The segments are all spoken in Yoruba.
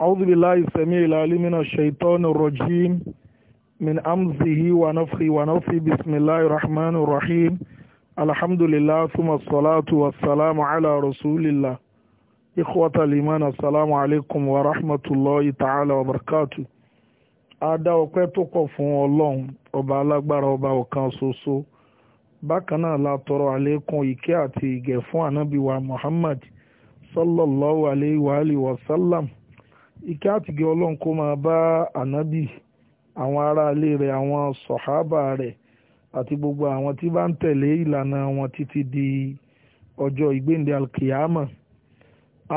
أعوذ بالله السميع العليم من الشيطان الرجيم من أمزه ونفخه ونفخه بسم الله الرحمن الرحيم الحمد لله ثم الصلاة والسلام على رسول الله إخوة الإيمان السلام عليكم ورحمة الله تعالى وبركاته ada ọpẹ́ tó kọ fún Ọlọ́run ọba alágbára ọba ọ̀kan ṣoṣo bákan náà la tọrọ àlékún ìkẹ́ àti ìgẹ̀ fún ànábì wa Muhammad sallallahu alayhi wa sallam ìkẹ́ àtìgẹ́ ọlọ́run kó máa bá ànábì àwọn aráalé rẹ̀ àwọn sọ̀hábà rẹ̀ àti gbogbo àwọn tí bá ń tẹ̀lé ìlànà wọn títí di ọjọ́ ìgbéǹde alkiyama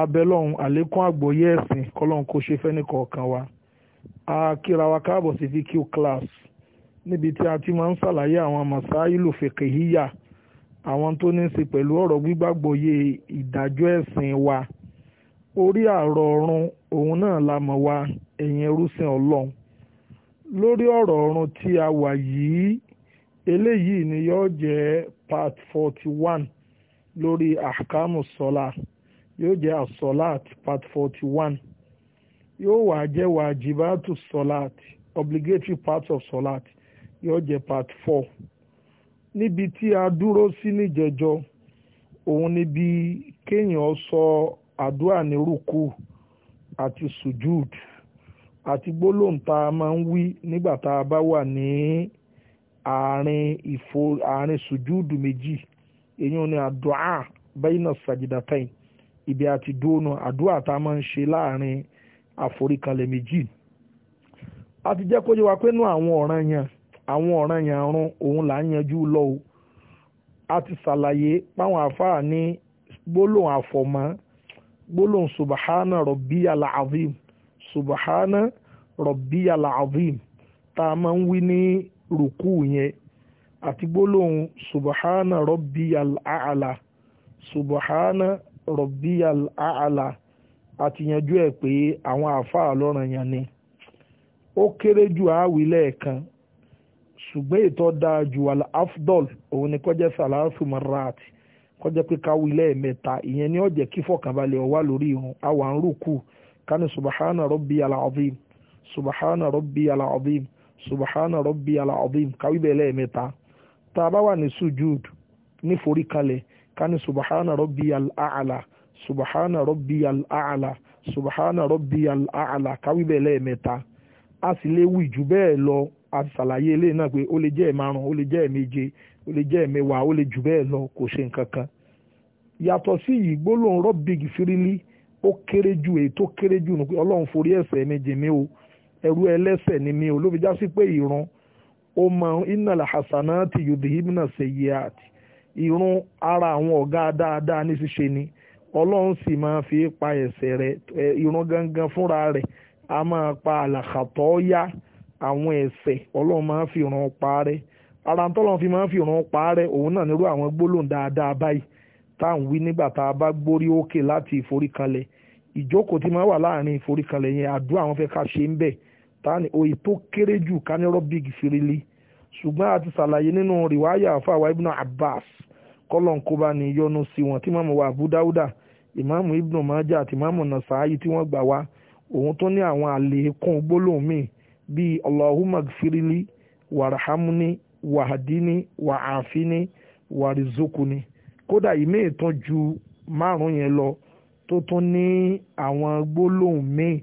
abẹ́lọ́run àlékún àgbọ́yé ẹ̀sìn kọ́lọ́run kó ṣe fẹ́ni kọ̀ọ̀kan wa a kíra wa káàbọ̀ sí VQ class níbi tí a ti máa ń ṣàlàyé àwọn masáìlù fèkèhíyà àwọn tó ní í ṣe pẹ̀lú ọ̀rọ̀ gbígbàgbọ́yé ìdájọ́ ẹ̀sìn wa orí àrọ̀ ọ̀run òun náà la mọ̀ wá ẹ̀yin ẹrúsìn ọlọ́run lórí ọ̀rọ̀ ọ̀run tí a wà yìí eléyìí ni yóò jẹ́ part forty one lórí ahkamu sọlá yóò jẹ́ asọlát part forty one yóò wá jẹ́ wàjibátù sọlát obligatory parts of sọlát yóò jẹ́ part four níbi tí a dúró sí níjẹjọ òun ni bí kéèyàn sọ àdúrà ní rúkú àti sujud àti gbólóhùn tá a máa ń wí nígbà tá a bá wà ní àárín ìfò àárín sujud méjì èyàn ni àdúà bẹ́yìnà sàjìdàtàn ibi àti dóònù àdúà tá a máa ń ṣe láàárín àforíkanlẹ̀ méjì a ti jẹ́ kó yé wa pé nú àwọn ọ̀ràn yẹn àwọn ọ̀ràn yẹn rún òun là ń yanjú lọ a ti ṣàlàyé páwọn àfáà ní gbólóhùn àfọ̀mọ́ gbólóhùn subahana rabbiyal azim subahana rabbiyal azim tá a máa ń wí ní rùkú yẹn àti gbólóhùn subahana rabbiyal a'la subahana rabbiyal a'la àti yanjú ẹ̀ pé àwọn àáfàá lọ́ràn yẹn ni ó kéré ju àáwí lẹ́ẹ̀kan ṣùgbọ́n ètò dáa ju al òun ni kọjá salasu marati kọjá pé káwí lẹ́ẹ̀mẹ́ta ìyẹn ni ó jẹ́ kí fọkànbalẹ̀ ó wà lórí irun àwa ń rúkú kánú subahana rabbi alaazim subahana rabbi alaazim subahana rabbi alaazim káwí bẹ́ẹ̀ lẹ́ẹ̀mẹ́ta tá a bá wà ní sujud ní forí kalẹ̀ kánú subahana rabbi alaala subahana rabbi alaala subahana rabbi alaala káwí bẹ́ẹ̀ lẹ́ẹ̀mẹ́ta a sì lè wí jù bẹ́ẹ̀ lọ a ṣàlàyé ó lè jẹ́ ẹ̀mẹ́wàá ó lè jù bẹ́ẹ̀ lọ kò ṣe nǹkan kan yàtọ̀ sí yìí gbólóhùn rọ́bìgì fírílì ó kéré ju èyí tó kéré jù nù pé ọlọ́run forí ẹ̀sẹ̀ mi jì mí o ẹrú ẹlẹ́sẹ̀ ni mi o ló fi já sí pé ìrun ó mọ iná làhásánátì yudhibna sayyiati ìrun ara àwọn ọ̀gá dáadáa ní ṣíṣe ni ọlọ́run sì máa fi pa ẹ̀ṣẹ̀ rẹ̀ ìrun gangan fúnra rẹ̀ a máa pa àlàkàtọ́ yá àwọn ẹ̀ṣẹ̀ ọlọ́run máa fi ràn pa rẹ̀ ara ń tọ́lọ́n fi máa ń fi ìrun paárẹ́ òun náà nírú àwọn gbólóhùn dáadáa báyìí tá à ń wí nígbà tá a bá gbórí òkè láti ìforíkanlẹ̀ ìjókòó tí máa wà láàrin ìforíkanlẹ̀ yẹn àdúrà àwọn fẹ́ ká ṣe ń bẹ̀ tá ní òye tó kéré jù ká ní rọ́bìg ṣùgbọ́n a ti ṣàlàyé nínú rìwáyà àfàwà ibn Abbas kọ́lọ̀ ń kóbá ní yọnu sí wọn tí máàmù wa Abu Dauda ìmáàmù ibn Majah àti ìmáàmù Nasa'i tí wọ́n gbà wá òun tó ní àwọn àlékún gbólóhùn míì bíi Allahumma gfirili wàrhamni wàhádìní wàhánfíní wàrìzókùní kódà yìí mìíràn tán ju márùn yẹn lọ tó tún ní àwọn gbólóhùn míì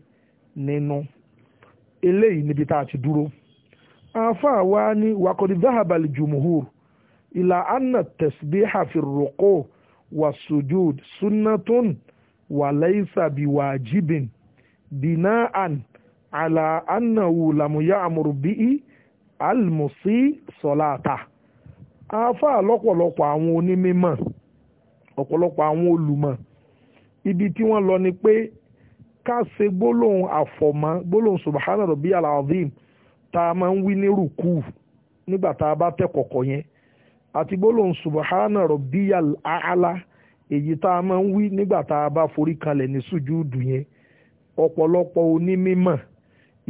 nínú eléyìí níbi tá a ti dúró àáfàá wa ní wàkọ̀dí dáhàbàlì jùmùhùr ìlà anna tẹ̀síbíhà fi rúkọ́ wà sujud sunnatun wà laysa biwajibin bina'an ala annahu lamuya amuru bi'i almusi sọláàtà àáfàá lọ́pọ̀lọpọ̀ àwọn onímọ̀ ọ̀pọ̀lọpọ̀ àwọn olùmọ̀ ibi tí wọ́n lọ ni pé ká ṣe gbólóhùn àfọ̀mọ́ gbólóhùn subahana rabi alazim tá a máa ń wí ní rúkú nígbà tá a bá tẹ̀ kọ̀kọ̀ yẹn àti gbólóhùn subahana rabi ala èyí tá a máa ń wí nígbà tá a bá forí kalẹ̀ ní sùjúùdù yẹn ọ̀pọ̀lọpọ̀ onímọ̀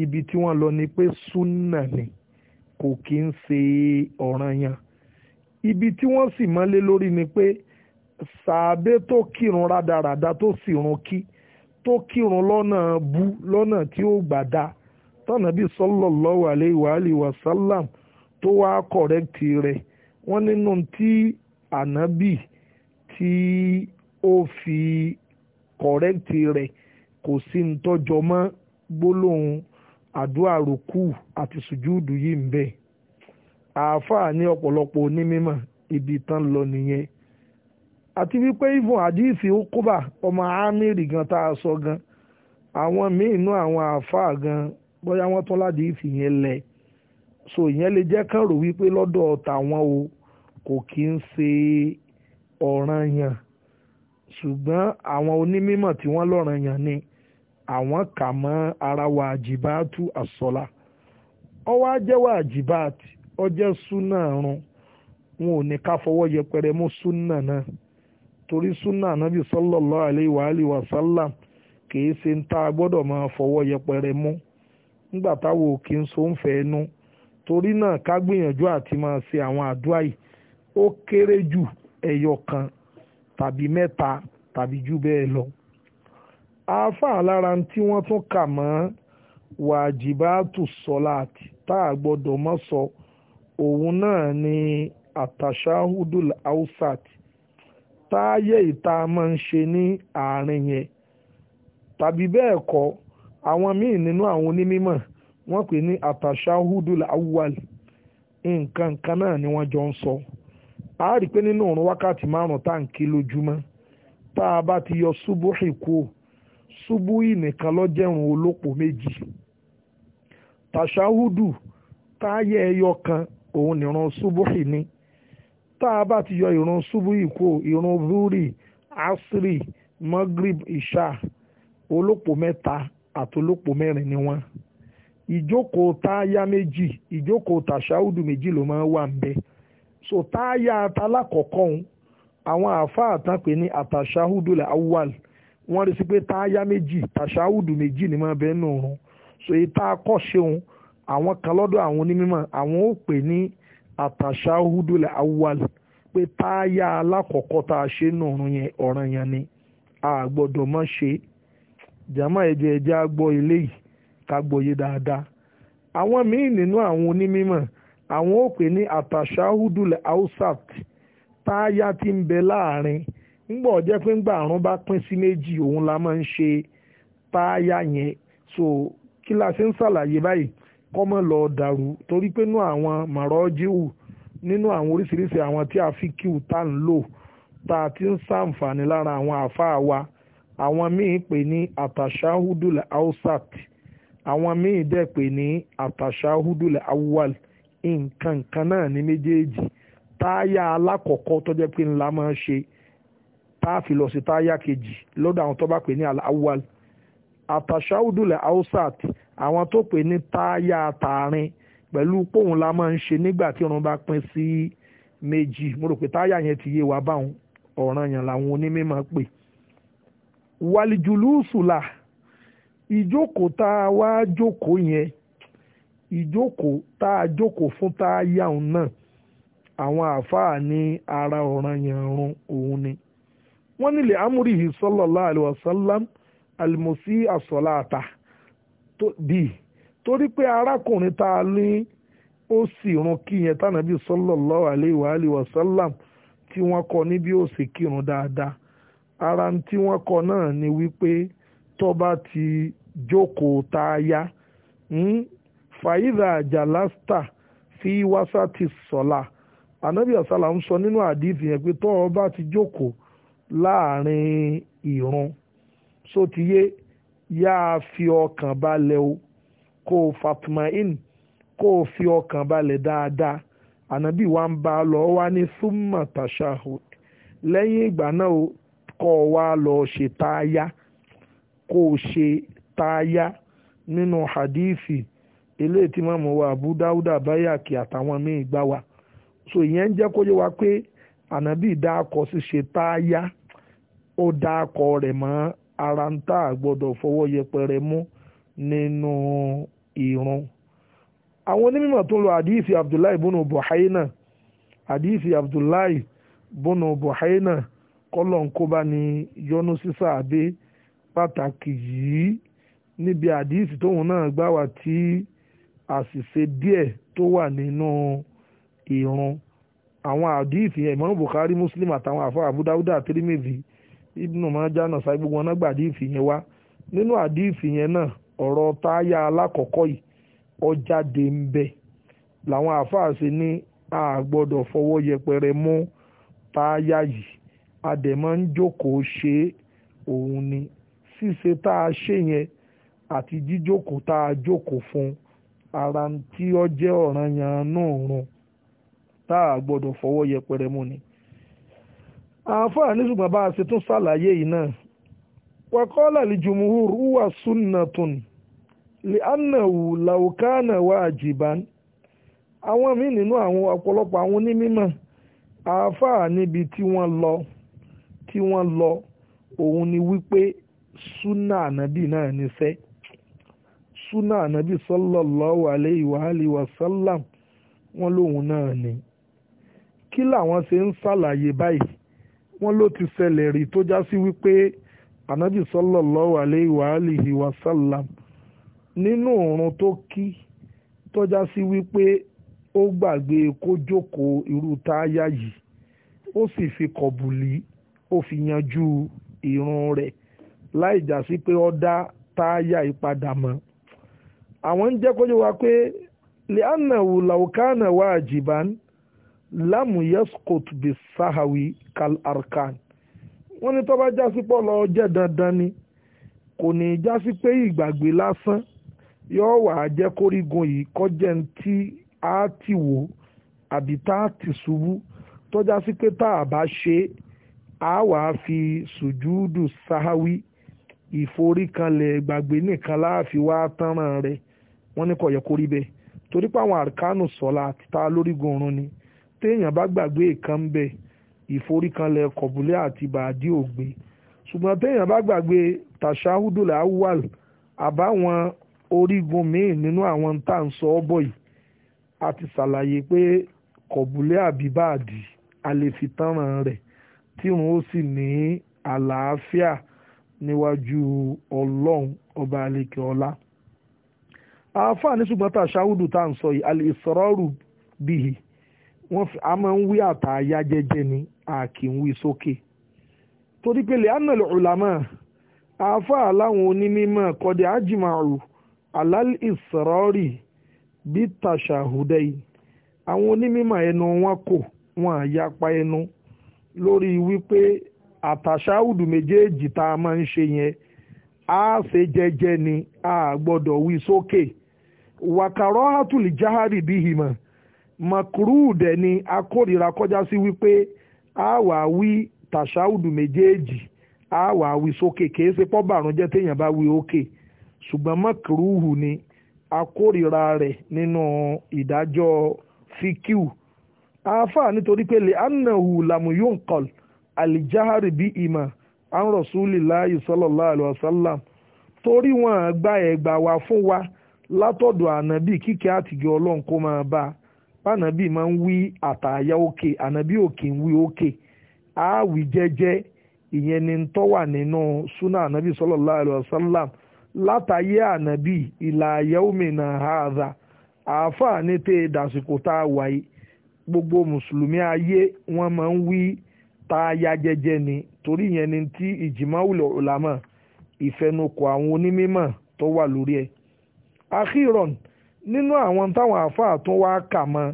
ibi tí wọ́n lọ ni pé súnà ni kò kí ń ṣe ọ̀ranyàn ibi tí wọ́n sì mọ́lé lórí ni pé sàábé tó kírun rádaràda tó sì run kí tó kírun lọ́nà bú lọ́nà tí ó gbà dá tọ́nàbí sallallahu alaihi wa tó wá kọ̀rẹ́kì rẹ̀ wọ́n nínú tí ànábì tí ó fi kọ̀rẹ́kì rẹ̀ kò sí ń tọ́jọ mọ́ gbólóhùn àdúrà rùkú àti sùjúùdù yìí ń bẹ àáfàá ní ọ̀pọ̀lọpọ̀ onímọ̀ ibi tán lọ nìyẹn àti wípé ìfún àdíìsì okuba ọmọ amiri gan tá a sọ gan àwọn míì inú àwọn àáfàá gan bóyá wọ́n tún ládìísì yẹn lẹ̀ so ìyẹn lè jẹ́ kán rò wípé lọ́dọ̀ tàwọn o kò kí ń ṣe ọ̀ranyàn ṣùgbọ́n àwọn onímọ̀ tí wọ́n lọ́ranyàn ni. àwọn kà mọ́ ara wàjibáàtú àsọlá ó wá jẹ́ wàjibáàtì ó jẹ́ súnà run wọn ò ní ká fọwọ́ yẹpẹrẹ mú súnà náà torí súnà anábì bí alaihi wa alihi wa kìí ṣe ń tá gbọ́dọ̀ máa fọwọ́ yẹpẹrẹ mú nígbà táwọn òkè ń so ń fẹ́ torí náà ká gbìyànjú àti máa ṣe àwọn àdúrà yìí lọ àáfàá lára tí wọ́n tún kà mọ́ wàjibátù sọláàtì tá a gbọ́dọ̀ mọ́ sọ òun náà ni àtàṣáhùdùl haúsàt táàyè ìta máa ń ṣe ní àárín yẹn tàbí bẹ́ẹ̀ kọ́ àwọn míì nínú àwọn onímọ̀ wọ́n pè ní àtàṣáhùdùl awwal nǹkan kan náà ni wọ́n jọ ń sọ a rí i pé nínú wákàtí márùn-ún tá à ń ti yọ ṣubúì nìkan lọ́jẹ̀rùn olópò méjì tàṣáhùdù táyà ẹyọ kan òun nìran ṣubúì ni tá a bá ti yọ ìrun ṣubúì kó ìrun zuri asri magrib isha olópò mẹ́ta àtolópò mẹ́rin ni wọ́n ìjókòó táyà méjì ìjókòó tàṣáhùdù méjì ló máa ń wà ń bẹ so táyà atalákọ̀ọ́kọ́ òun àwọn àáfàá àtàpé ní àtàṣáhùdù làwọn wọ́n rí sí pé táyà méjì tàṣáwùdù méjì ni máa bẹ́ẹ̀ nù ọ̀run so èyí tá a kọ́ ṣeun àwọn kan lọ́dọ̀ àwọn onímọ̀ àwọn ò pè ní àtàṣáwùdù awwal pé táyà alákọ̀ọ́kọ́ tá a ṣe nù ọ̀run yẹn ọ̀ràn yẹn ni a gbọ́dọ̀ mọ́ ṣe jàmá ẹ̀jẹ̀ ẹ̀jẹ̀ á gbọ́ eléyìí ká gbọ́yé dáadáa àwọn míì nínú àwọn onímọ̀ àwọn ò pè ní àtàṣáwùdù awsat táyà ti ń bẹ láàrin ńgbọ̀ jẹ́ pé ńgbà àrùn bá pín sí méjì òun la máa ń ṣe táyà yẹn so kí la ṣe ń ṣàlàyé báyìí kọ́mọ lọ dàrú torí pé nínú àwọn màrọ́jíwù nínú àwọn oríṣiríṣi àwọn tí a fi kíw tá ń lò tá a ti ń ṣàǹfààní lára àwọn àáfàá wa àwọn míì pè ní àtàṣáhùdùl hausat àwọn míì dẹ̀ pè ní àtàṣáhùdùl awwal nǹkan kan náà ní méjèèjì táyà alákọ̀ọ́kọ́ tó pé ńlá máa ń ṣe tá a fi lọ sí táyà kejì lọ́dọ̀ àwọn tó bá pè ní aláwal àtàṣáwùdùlẹ̀ hausat àwọn tó pè ní táyà tààrin pẹ̀lú póun la máa ń ṣe nígbà tí irun bá pín sí méjì mo rò pé táyà yẹn ti yé wa báwọn ọ̀ràn yẹn làwọn onímọ̀ pè wàlìjùlùsùlà ìjókòó tá a wá jókòó yẹn ìjókòó tá a jókòó fún táyà náà àwọn àáfàá ní ara ọ̀ràn yẹn run òun ni. wọ́n nílẹ̀ amúrìhì sallallahu alaihi wasallam àlùmọ̀sí àsọ̀láàtà bíi torí pé arákùnrin tá a ní ó sì run kíyẹn tánàbí sallallahu alaihi wasallam tí wọ́n kọ níbi ó sì kírun dáadáa ara tí wọ́n kọ náà ni wípé tó bá ti jókòó tá a yá fàyídà jalasta fi wásà ti sọ̀la ànábì àsálà ń sọ nínú àdìsí yẹn pé tó o bá ti jókòó láàrin ìrun tiye yaa fi ọkàn balẹ̀ o kó o fatmain kó o fi ọkàn balẹ̀ dáadáa ànábì wa ń ba lọ wá ní súnmọ̀ tashahud lẹ́yìn ìgbà náà o kọ́ ọ wá lọ ṣe táyà kó o ṣe nínú hadithi eléyìí tí màmú wa Abu Dawuda bayaki àtàwọn míì gbá wa so ìyẹn ń jẹ́ kó yé wa pé ànábì dá akọ sí ṣe ó dá akọ rẹ̀ mọ́ ara ń tà gbọ́dọ̀ fọwọ́ yẹpẹrẹ mú nínú ìrun. àwọn onímọ̀ tó ń lo àdíìsì abdullahi bùnú buhaina àdíìsì abdullahi bùnú buhaina kọ́lọ̀ ń kóbá ní yọnu sísá àbí pàtàkì yìí níbi àdíìsì tóun náà gbà wá tí àṣìṣe díẹ̀ tó wà nínú ìrun àwọn àdíìsì yẹn Imam Bukhari Muslim àtàwọn àfọ àbúdáwúdà Tirmidhi ibnu maja nasai gbogbo wọn di gbà àdìsí yẹn wá nínú àdìsí yẹn náà ọ̀rọ̀ táyà alákọ̀ọ́kọ́ yìí ọjáde ń lawon làwọn àáfàá ṣe a gbọ́dọ̀ fọwọ́ yẹpẹrẹ mú táyà yìí a dẹ̀ máa ń jókòó ṣe òun ni ṣíṣe tá a ṣe yẹn àti jíjókòó tá a jókòó fún ara tí ó jẹ́ ọ̀ranyàn náà run tá a gbọ́dọ̀ fọwọ́ yẹpẹrẹ mú ni àáfàá ní ṣùgbọ́n bá a ṣe tún ṣàlàyé yìí náà wàkọ́lá lìjùmùhùr wúwà sunnatun lè ánàwù làwùkánà wà àjìbán àwọn míì nínú àwọn ọ̀pọ̀lọpọ̀ àwọn onímọ̀ níbi tí wọ́n lọ tí wọ́n lọ òun ni wípé súnà ànábì náà níṣẹ́ súnà ànábì sallallahu alayhi wọ́n ni kí làwọn ṣe ń ṣàlàyé wọ́n ló ti ṣẹlẹ̀ rí tó já sí wípé anabi sallallahu alayhi wa alihi wa sallam nínú òórùn tó kí tó já sí wípé ó gbàgbé kójókòó irú táyà yìí ó sì fi kọ̀bùlì ó fi yanjú ìrun rẹ̀ láì já sí pé ó dá lámù yẹ́sùkòt bí sáhàwí kal arkan wọ́n ní tó bá jásí pọ̀ lọ jẹ́ dandan ni kò ní jásí pé ìgbàgbé lásán yóò wà á jẹ́ kórígun yìí kọjá tí a ti wò àbí tá a ti ṣubú tó jásí pé tá a bá ṣe á wà á fi sùjúdù sáhàwí ìforíkanlẹ̀ ìgbàgbé nìkan láàfin wá tánràn rẹ̀ wọ́n ní kò yẹ kó torí pé àwọn àrkánù sọ̀la àti ta lórígun ọ̀run ni téèyàn bá gbàgbé ìkan ń bẹ ìforíkanlẹ̀ kọ̀bùlẹ̀ àti bàdí ògbé ṣùgbọ́n téèyàn bá gbàgbé tàṣáhùdùlà awwal àbáwọn orígun míì nínú àwọn tá à ń sọ ọ́ bọ̀ yìí a ti ṣàlàyé pé kọ̀bùlẹ̀ àbíbàdì a lè fi tánràn rẹ̀ tírun ó sì ní àlàáfíà níwájú ọlọ́run ọba àlekè ọlá àáfàá ní ṣùgbọ́n tàṣáhùdù tá à ń sọ yìí al-israru bihi wọ́n a máa ń wí àtà ayá jẹ́jẹ́ ni a kì í wí sókè torí pé lè ánà lọ́làmọ́ àáfàá láwọn onímọ̀ kọ́dẹ̀ ajimaru alal israri bí tàṣàhùdẹ́ àwọn onímọ̀ ẹnu wọn kò wọn àyapa ẹnu lórí wípé àtàṣàhùdù méjèèjì tá a máa ń ṣe yẹn a ṣe jẹ́jẹ́ ni a gbọ́dọ̀ wí sókè wàkàrọ́ hàtùlì jáhárì bíhìmọ̀. makuru dẹ̀ ni akórira kọjá sí wípé a wà wí tàṣáùdù méjèèjì a wà wí sókè kìí ṣe pọ́ bàrún jẹ́ téèyàn bá wí òkè ṣùgbọ́n makuru hù ni akórira rẹ̀ nínú ìdájọ́ fíkíù àáfàá nítorí pé lè anahu lamuyonkol alijahari bí ìmọ̀ an rasulillahi sallallahu alaihi wasallam torí wọn gba ẹgbà wá fún wa látọ̀dọ̀ ànábì kíkẹ́ àtìgẹ́ ọlọ́run kó máa bá a pànàbí máa ń wí àtàyà òkè ànàbí òkè ń wí òkè àáwí jẹ́jẹ́ ìyẹn ni tó wà nínú súnà ànàbí sallallahu alaihi wasallam látàyé ànàbí ìlà yaumina hadha àáfàá ní tẹ́ dàsìkò tá a wà yìí gbogbo mùsùlùmí ayé wọ́n máa ń wí tààyà jẹ́jẹ́ ni torí ìyẹn ni ti ijma'ul ulama ìfẹnukò àwọn onímọ̀ tó wà lórí ẹ̀. akhiron nínú àwọn táwọn àáfàá tún wá kà mọ́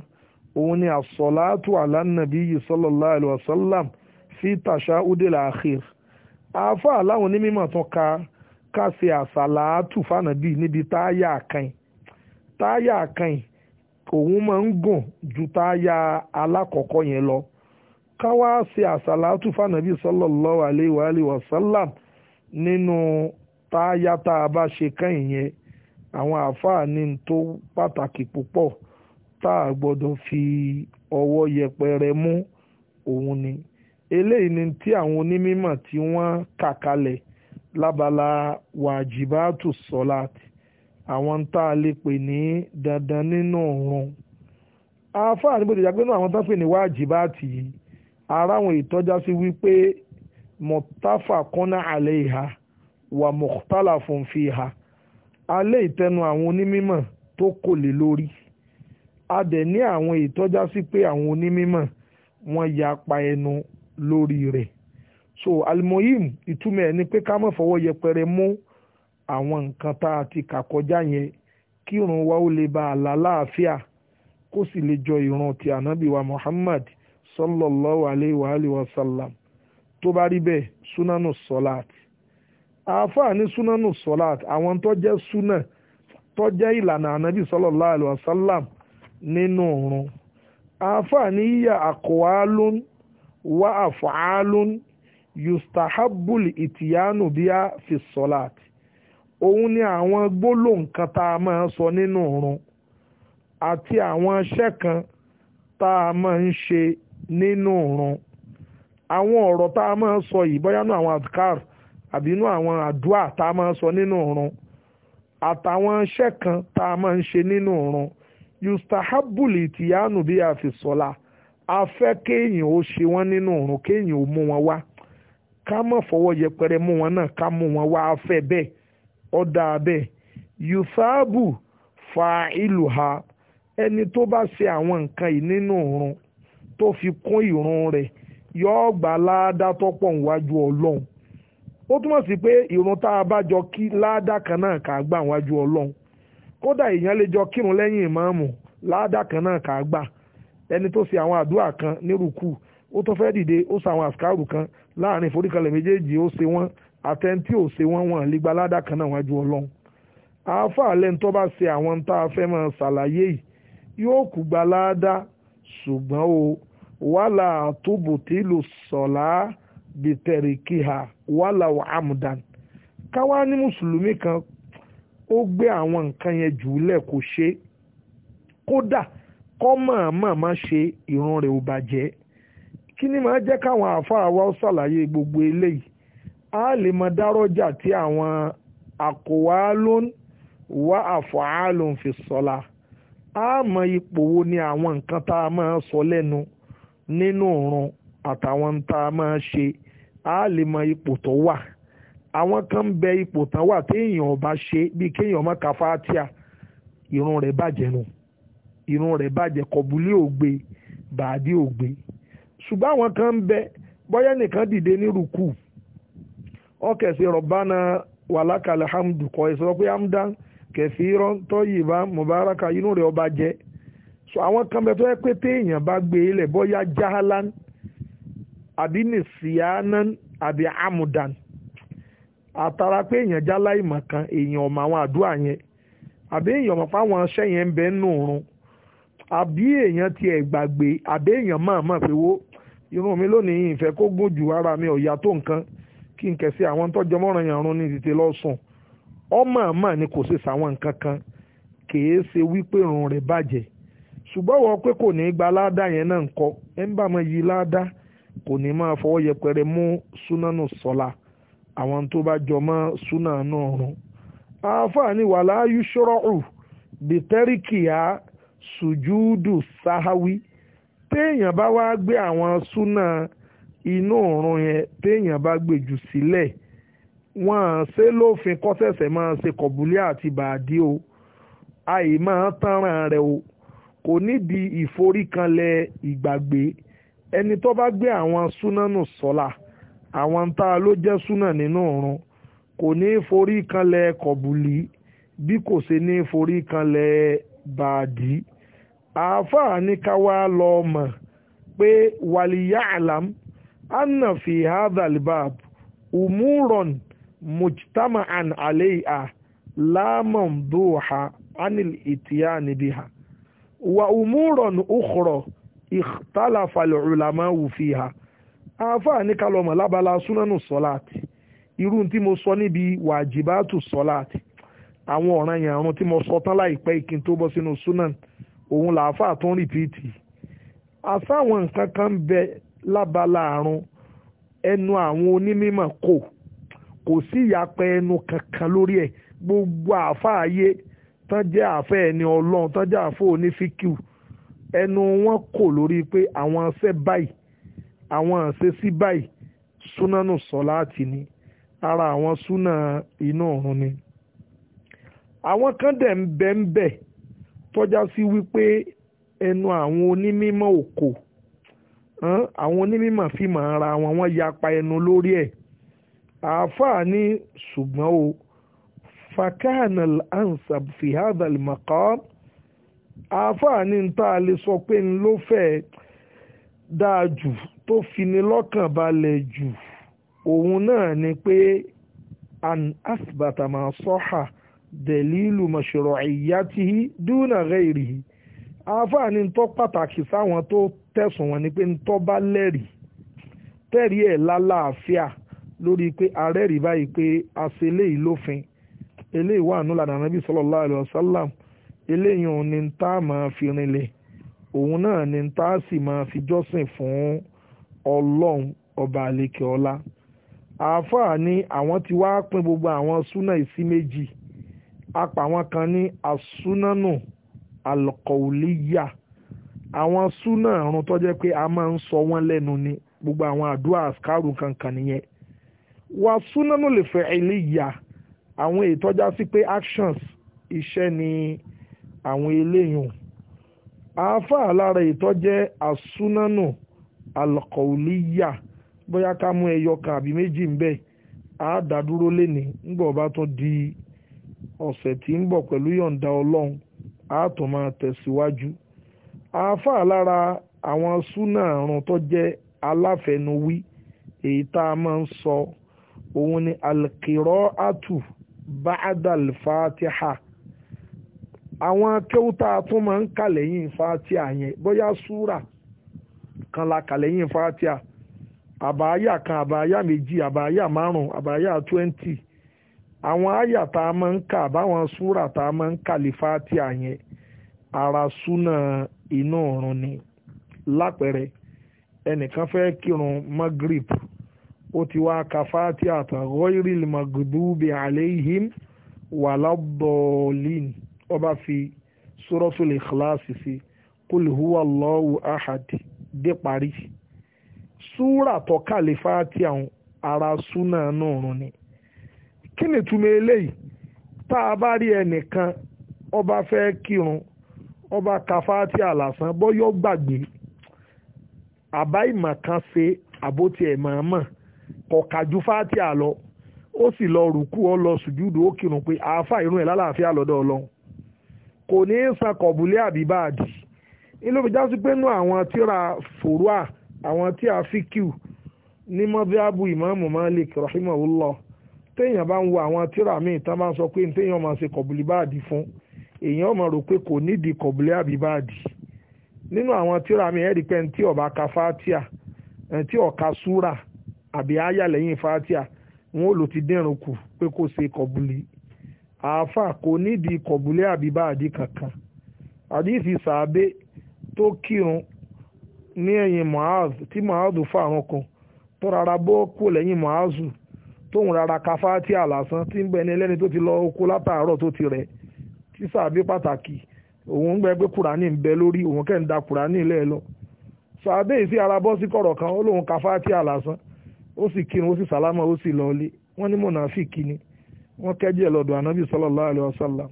òun ni àsọ̀láàtù alánàbí yìí sọ́lọ́lá àlùwàsálàm sí tàṣà udela akhir àáfàá láwọn onímọ̀ tún ka ká ṣe àsàláàtù fànàbí níbi táyà kan táyà kan òun máa ń gùn ju táyà alákọ̀ọ́kọ́ yẹn lọ ká wá ṣe àsàláàtù fànàbí sọ́lọ́lá àlẹ́wàálẹ́wàsálàm nínú táyà tá a bá ṣe kan yẹn àwọn àáfàá ní tó pàtàkì púpọ̀ tá a gbọ́dọ̀ fi ọwọ́ yẹpẹrẹ mú òun ni eléyìí ni tí àwọn onímọ̀ tí wọ́n kà kalẹ̀ lábala wàjibátù sọ́láàtì àwọn tá a lè pè ní dandan nínú ọ̀run àáfàá níbo ìjà pé náà àwọn tó ń pè ní wàjibátì yìí ara àwọn ìtọ́já sí wípé mọ̀tàfà kọ́nà àlẹ́ ìhà wà mọ̀tàlà fún fi ìhà alẹ́ ìtẹnu àwọn onímímọ̀ tó kò lè lórí a dẹ̀ ní àwọn ìtọ́já sí pé àwọn onímímọ̀ wọ́n ya pa ẹnu lórí rẹ̀ so alimoyim ìtumọ̀ ẹ̀ ni pé ká má fọwọ́ yẹpẹrẹ mú àwọn nǹkan tá a ti kà kọjá yẹn kí irun wa ó lè ba àlá láàfíà kó sì lè jọ ìran ti ànábì wa Muhammad sallallahu alayhi wa alayhi wa sallam tó bá rí bẹ́ẹ̀ sunanu sọláàtì àáfàá ní súnánù sọ́láàt àwọn tó jẹ́ súnà tó jẹ́ ìlànà ànábì sallallahu alaihi wasallam nínú òrun àáfàá ní yíyà àkọ́wálún wá àfọ́álún yustahabul ìtìyánu bíá fi sọ́láàt òun ni àwọn gbólóhùn kan tá a máa sọ nínú òrun àti àwọn iṣẹ́ kan tá a máa ń ṣe nínú òrun àwọn ọ̀rọ̀ tá a máa sọ yìí bóyá àwọn àbí inú àwọn àdúà tá a máa sọ nínú ọ̀run àtàwọn iṣẹ́ kan tá a máa ń ṣe nínú ọ̀run yustahabuli tìyánu bí àfìsọ́lá a fẹ́ kéèyàn ó ṣe wọ́n nínú kéèyàn ó mú wọn wá ká má fọwọ́ yẹpẹrẹ mú wọn náà ká mú wọn wá a fẹ́ bẹ́ẹ̀ dáa bẹ́ẹ̀ fa ìlú ha ẹni tó bá ṣe àwọn nǹkan yìí nínú tó fi kún ìrun rẹ̀ ó túmọ̀ sí pé ìrun tá a bá jọ kí láàdá kan náà kà á gbà wájú ọlọ́run kódà èèyàn lè jọ kírun lẹ́yìn ìmáàmù láàdá kan náà kà á gbà ẹni tó ṣe àwọn àdúrà kan nírùkù ó tó fẹ́ dìde ó ṣe àwọn àṣkárù kan láàrin ìforíkalẹ̀ méjèèjì ó ṣe wọ́n àtẹ̀ntì ò ṣe wọ́n wọ́n lè gba láàdá kan náà wájú ọlọ́run àáfàá lẹ́nu tó bá ṣe àwọn tá a fẹ́ máa ṣàlàyé yìí yóò kù gba láàdá bìtẹ̀rì kíhà wàláwà amúdàn káwá ní mùsùlùmí kan ó gbé àwọn nǹkan yẹn jù lẹ̀ kó ṣe kódà kọ́ ma má ṣe ìran rẹ̀ ò bàjẹ́ kí ni màá jẹ́ káwọn àáfàá wa ṣàlàyé gbogbo eléyìí a lè mọ dárọ́jà tí àwọn àkòwá ló ń wá ló fi sọ́la a mọ wo ni àwọn nǹkan tá a sọ lẹ́nu nínú àtàwọn tá a máa a lè mọ ipò tó wà àwọn kan ń bẹ ipò tán wà téèyàn ọba ṣe bíi kéèyàn ọmọ ka fatia irun rẹ̀ bàjẹ́ nù irun rẹ̀ bàjẹ́ kọ̀bùlé ògbé bàdí ògbé ṣùgbọ́n àwọn kan ń bẹ bọ́yá nìkan dìde ní rúkú ọkẹ̀ sí rọ̀bánà wàlákàlẹ̀ hamdu kọ́ ìsọ̀rọ̀ pé hamdan kẹfì rán tọ́yìnbá mubaraka inú rẹ̀ ọba jẹ́ so àwọn kan bẹ tó yẹ pé téèyàn bá gbé e ilẹ̀ bọ́yá jahalan àbí sianan àbí amudan àtàrà pe èèyàn jálá ìmọ̀ kan èèyàn ọmọ àwọn àdúrà yẹn àbí èèyàn ọmọ fáwọn aṣẹ́ yẹn ń bẹ nù rún àbí ti tiẹ̀ gbàgbé àbí èèyàn máa máa pé mi ara mi ọ̀yà tó nǹkan kí n kẹ̀sí àwọn tọ́jọ́ mọ́ràn yẹn rún ní tètè lọ́sùn ma ni kò ṣe sàwọn nǹkan kan ṣùgbọ́n gba láàdá yẹn náà ń kọ́ ẹ̀ kò ní máa fọwọ́ yẹpẹrẹ mú súnánù sọ́la àwọn tó bá jọ mọ́ súnánù ọ̀run àfààní wàlá yusra'u bìtẹ́ríkìá sùjúdù sáháwí téèyàn bá wá gbé àwọn súnà inú ọ̀run yẹn téèyàn bá gbè jù sílẹ̀ wọ́n à ṣe lófin kọ́sẹ̀sẹ̀ máa ṣe kọ̀bùlẹ́ àti bàdí o àì máa tanràn rẹ o kò nídìí ìforíkanlẹ̀ ìgbàgbé ẹni tó bá gbé àwọn súnánù sọ́la àwọn tá a ló jẹ́ súnà nínú ọ̀run kò ní í forí kanlẹ̀ kọ̀bùlì bí kò ṣe ní í forí kanlẹ̀ bàdí àáfàá ní ká wá lọ mọ̀ pé wàlíyá àlám anna fi hadhal bab umuron mujtama'an alayha lamam duha anil itiyani biha wa umuron ukhra ìtàlàfàlẹ̀ ulama wù fi hà àáfàá ní kálọ̀mọ̀ lábala súnánù sọ́láàtì irú tí mo sọ níbi wàjibátù sọ́láàtì àwọn ọ̀ràn yẹn àrùn tí mo sọ tán láìpẹ́ ìkín tó bọ́ sínú súnán òun làáfàá tó ń rìpíìtì àsáwọn nǹkan kan bẹ lábala àrùn ẹnu àwọn onímọ̀ kò kò sí ìyapẹ ẹnu kankan lórí ẹ̀ gbogbo àáfàá ayé tán jẹ́ àáfẹ́ ẹni ọlọ́run tán jẹ́ àáfẹ́ ẹnu wọn kò lórí pé àwọn ṣe báyìí àwọn àṣesí báyìí súnánù sọláàtì ni ara àwọn súnà inú ọ̀run ni àwọn kan dẹ̀ ń bẹ ń bẹ tọ́já sí wípé ẹnu àwọn onímọ̀ òkò àwọn onímọ̀ fi mọ̀ ara wọn wọ́n yapa ẹnu lórí ẹ̀ àáfàá ni ṣùgbọ́n o fakanal ansab fi hadal maqam àáfàá ní tá a lè sọ pé ń ló fẹ́ẹ́ dáa jù tó fini lọ́kàn balẹ̀ jù òun náà ni pé an asbata ma sọ́ha dẹ̀lílù mọ̀ṣọ̀rọ̀ ìyátí dúnà rẹ̀rì àáfàá ní tó pàtàkì sáwọn tó tẹ̀sùn wọn ni pé ń tó bá lẹ́rìí tẹ́rìí ẹ̀ lálàáfíà lórí pé ààrẹ báyìí pé àṣẹ eléyìí eléyìí wà nù lànà nàbí sallallahu alaihi eléyìí òun ni tá a máa fi rinlẹ̀ òun náà ni tá a sì máa fi jọ́sìn fún ọlọ́run ọba àlekè ọlá àáfàá ni àwọn ti wá pín gbogbo àwọn súnà ìsí méjì apà àwọn kan ní asúnánù alkọ̀ọ́líyà àwọn súnà ọ̀run tó jẹ́ pé a máa ń sọ wọ́n lẹ́nu ni gbogbo àwọn àdúrà àṣkárù kankan nìyẹn wà súnánù lè fẹ́ ẹlẹ́yà àwọn ètò ọjà sí pé actions iṣẹ́ ni. àwọn eléyìn àáfàá lára ito àsúnánù alkọ̀ọ́líyà bóyá ká mú ẹyọ kan àbí méjì ń bẹ àádádúró lénìí ńgbọ̀ bá tún di ọ̀sẹ̀ tí ń bọ̀ pẹ̀lú yọ̀ǹda ọlọ́run àátọ́ máa tẹ̀síwájú àáfàá lára àwọn súnà àrùn tó jẹ́ aláfẹnuwí èyí tá a máa ń sọ òun ni alkirọ́ àtù ba'adal ha. àwọn akéwútà tún máa ń kà fatia yẹn bóyá súrà kan la kà fatia àbáyà kan àbáyà méjì àbáyà márùn àbáyà twenty àwọn àyà tá a máa ń kà báwọn súrà tá a máa ń kà fatia yẹn ara súnà inú ọ̀run ni lápẹ̀rẹ̀ ẹnìkan fẹ́ kírun magrib ó ti wá ka fatia tán ghayril maghdubi alayhim wàlábọ̀ọ́lìn ọba fi suratul ikhlas sí kul huwa Allahu ahad dé parí súrà tọ́kàlẹ̀ fáti àwọn ara súnà náà rún ni kí ni túmọ̀ eléyìí tá a bá rí ẹnìkan ọba fẹ́ kírun ọba ka fáti àlàsán bọ́yọ́ gbàgbé àbá ìmọ̀ kan ṣe àbótí ẹ̀ mọ̀ọ́mọ̀ kọ̀kàjú fáti àlọ́ ó sì lọ rùkú ọ lọ sùjúdù ó kírun pé àáfà irun ẹ̀ lálàáfíà lọ́dọ̀ ọlọ́run kò ní í san kọ̀bùlé àbíbáàdì inú fi jásí pé nú àwọn tíra fòrúà àwọn tí a fi kíw ní mọ́bíábù ìmáàmù Malik rahimahullah téèyàn bá ń wo àwọn tíra míì tá bá ń sọ pé téèyàn máa ṣe kọ̀bùlé báàdì fún èèyàn máa rò pé kò nídìí kọ̀bùlé àbíbáàdì nínú àwọn tíra míì ẹ̀rí pé tí ó bá ka fatia tí ó súra àbí àyà lẹ́yìn fatia wọn ò lò ti dẹ́rùn kù pé kò ṣe kọ̀bùlé àáfà kò nídìí kọ̀bùlé àbíbá kankan àdìsí sàábé tó kírun ní ẹ̀yìn Mu'az tí Mu'az fa àwọn kan tó rárá bó kò lẹ́yìn Mu'az tóun rárá káfáàtì àlàsán tí ń bẹni ẹlẹ́ni tó ti lọ oko látàárọ̀ tó ti rẹ̀ tí sàábé pàtàkì òun ń gbẹ lọ sàábé ara bọ́ sí kan ó lóun ó sì kírun ó sì ó sì lọ wọ́n kẹ́jú ẹ̀ lọ́dọ̀ ànábì sallallahu alaihi wasallam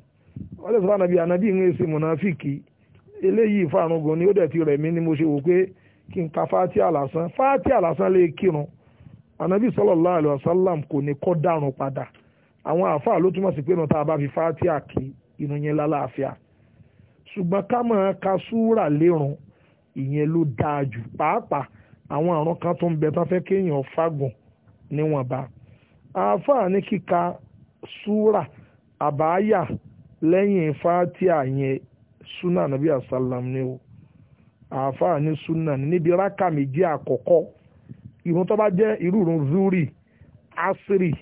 wọ́n lè sọ ànábì ànábì ń ṣe mùnàfíkì eléyìí fàrùngùn ni ó dẹ̀ ti rẹ̀ mí ni mo ṣe wò pé kí n ka fáátì àlásán fáátì àlásán lè kírun ànábì sallallahu alaihi wasallam kò ní kọ́ dàrún padà àwọn àáfàá ló túmọ̀ sí pé náà tá a bá fi fáátì àkì inú yẹn lálàáfíà ṣùgbọ́n ká máa ka súrà lérun ìyẹn ló dáa jù pàápàá àwọn àrùn súrà àbáyà lẹ́yìn fatia yẹn súnà nàbí àsálàm ni o àáfàá ní súnà níbi rákà méjì àkọ́kọ́ ìrun tó bá jẹ́ irú zuri asiri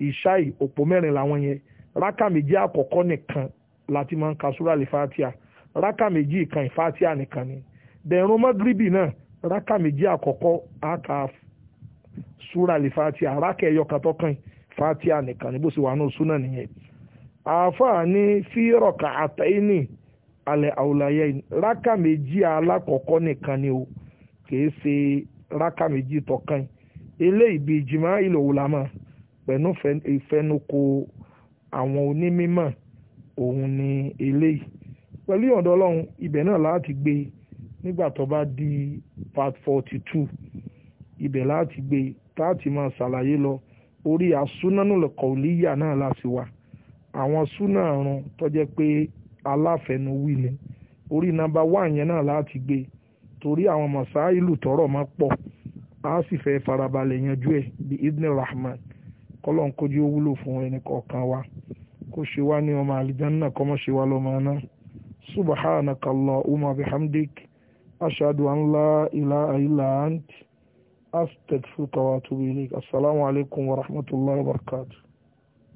ìṣáì òpó mẹ́rin làwọn yẹn rákà méjì àkọ́kọ́ nìkan láti máa ń ka súrà lè fatia rákà méjì ìkan ìfatia nìkan ni dẹ̀rùn mọ́gíríbì náà rákà méjì àkọ́kọ́ àkà súrà lè fatia rákà ẹ̀yọ kan yìí fatia nìkan ní bó ṣe wà ní súnà nìyẹn àáfàá ní fírọ̀kà àtẹ́yìnì alẹ́ àwòláyé rákà méjì alákọ̀ọ́kọ́ nìkan ni o kìí ṣe rákà méjì tọ̀kan eléyìí bíi jìmá ìlò òlàmọ̀ pẹ̀lú ìfẹnukò àwọn onímímọ̀ òun ni eléyìí pẹ̀lú ọ̀dọ́ ọlọ́run ibẹ̀ náà láti gbé e. nígbà tó bá di part forty two ibẹ̀ láti gbé e. táàtì máa ṣàlàyé lọ orí àsúnánulẹ̀kọ̀ọ́líyà náà láti àwọn súnà àrùn tọ́jẹ́ pé aláfẹnuwí ni orí nọ́mbà wá yẹn náà láti gbé torí àwọn mọ̀sáìlù tọrọ máa pọ̀ a sì fẹ́ farabalẹ̀ yanjú ẹ̀ bí ibn rahman kọ́lọ́n fún kọ̀ọ̀kan wa kó ṣe wá ní ọmọ àlìjánná kọ́mọ́ ṣe wá lọ́mọ la أفتد في طواتبينيك السلام عليكم ورحمة الله وبركاته